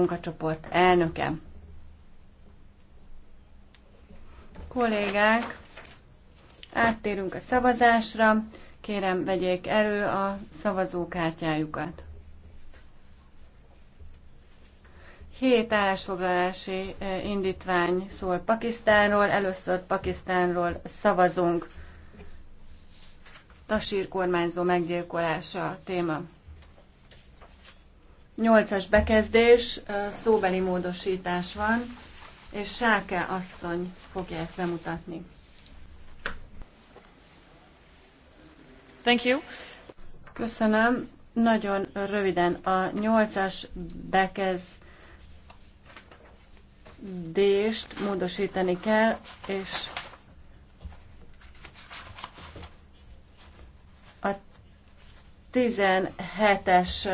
munkacsoport elnöke. Kollégák, áttérünk a szavazásra. Kérem, vegyék elő a szavazókártyájukat. Hét állásfoglalási eh, indítvány szól Pakisztánról. Először Pakisztánról szavazunk. Tasír kormányzó meggyilkolása a téma. Nyolcas bekezdés, szóbeli módosítás van, és Sáke asszony fogja ezt bemutatni. Thank you. Köszönöm. Nagyon röviden a nyolcas bekezdést módosítani kell, és a 17-es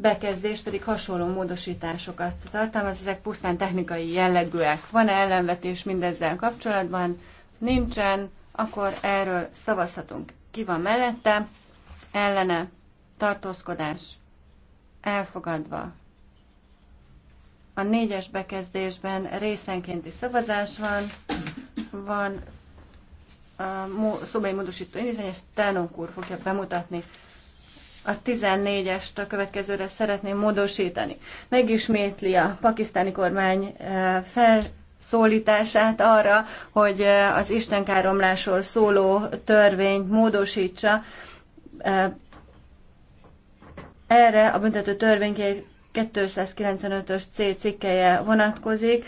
bekezdés pedig hasonló módosításokat tartalmaz, ezek pusztán technikai jellegűek. Van-e ellenvetés mindezzel kapcsolatban? Nincsen, akkor erről szavazhatunk. Ki van mellette? Ellene? Tartózkodás? Elfogadva. A négyes bekezdésben részenkénti szavazás van, van a szobai módosító indítvány, ezt Tánok úr fogja bemutatni a 14-est a következőre szeretném módosítani. Megismétli a pakisztáni kormány eh, felszólítását arra, hogy eh, az istenkáromlásról szóló törvényt módosítsa. Eh, erre a büntető törvény 295-ös C cikkeje vonatkozik.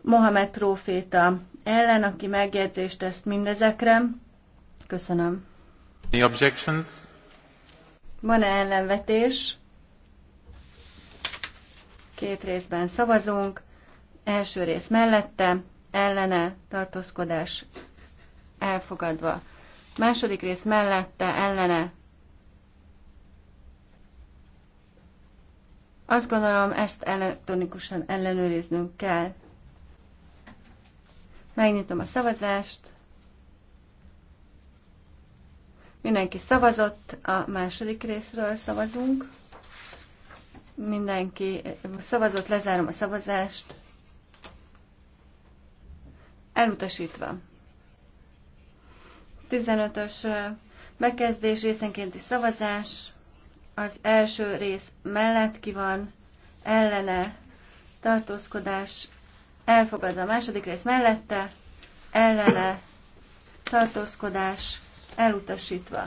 Mohamed próféta ellen, aki megjegyzést tesz mindezekre. Köszönöm. The objections? Van-e ellenvetés? Két részben szavazunk. Első rész mellette, ellene, tartózkodás elfogadva. Második rész mellette, ellene. Azt gondolom, ezt elektronikusan ellenőriznünk kell. Megnyitom a szavazást. Mindenki szavazott, a második részről szavazunk. Mindenki szavazott, lezárom a szavazást. Elutasítva. 15-ös bekezdés részenkénti szavazás. Az első rész mellett ki van, ellene tartózkodás elfogadva. A második rész mellette, ellene tartózkodás elutasítva.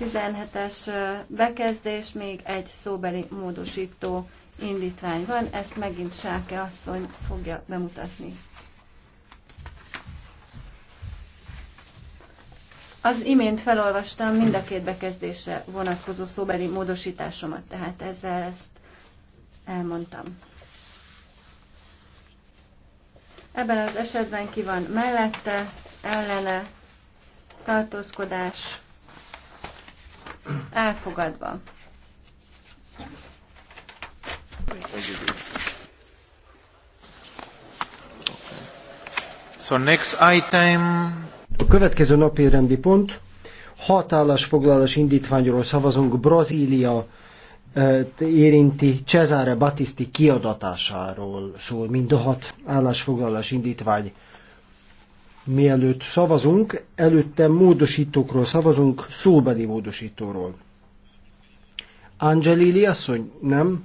17-es bekezdés, még egy szóbeli módosító indítvány van, ezt megint Sáke asszony fogja bemutatni. Az imént felolvastam mind a két bekezdése vonatkozó szóbeli módosításomat, tehát ezzel ezt elmondtam. Ebben az esetben ki van mellette, ellene, tartózkodás elfogadva. So next item. A következő napi rendi pont hat állásfoglalás indítványról szavazunk Brazília eh, érinti Cesare Battisti kiadatásáról szól mind a hat állásfoglalás indítvány mielőtt szavazunk, előtte módosítókról szavazunk, szóbeli módosítóról. Angelili asszony, nem?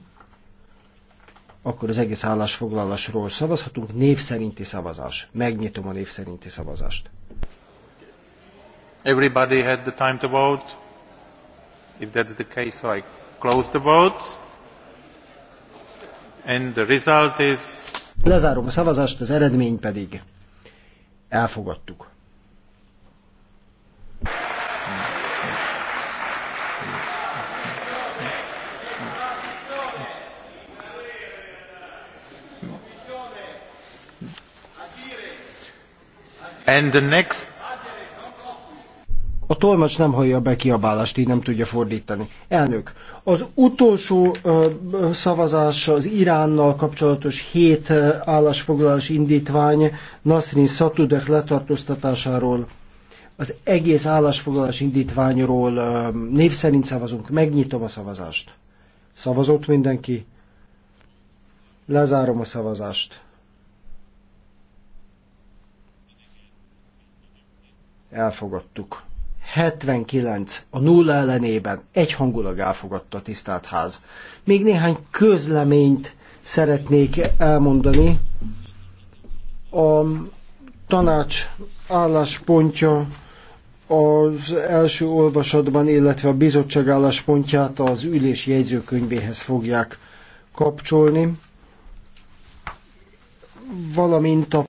Akkor az egész állásfoglalásról szavazhatunk, név szerinti szavazás. Megnyitom a név szerinti szavazást. Everybody had the time to vote. If that's the case, I close the vote. And the result is... Lezárom a szavazást, az eredmény pedig Elfogadtuk. And the next a tolmacs nem hallja a bekiabálást, így nem tudja fordítani. Elnök, az utolsó ö, szavazás az Iránnal kapcsolatos hét állásfoglalás indítvány Nasrin Satudek letartóztatásáról, az egész állásfoglalás indítványról ö, név szerint szavazunk. Megnyitom a szavazást. Szavazott mindenki? Lezárom a szavazást. Elfogadtuk. 79 a nulla ellenében egyhangulag elfogadta a tisztelt ház. Még néhány közleményt szeretnék elmondani. A tanács álláspontja az első olvasatban, illetve a bizottság álláspontját az ülés jegyzőkönyvéhez fogják kapcsolni, valamint a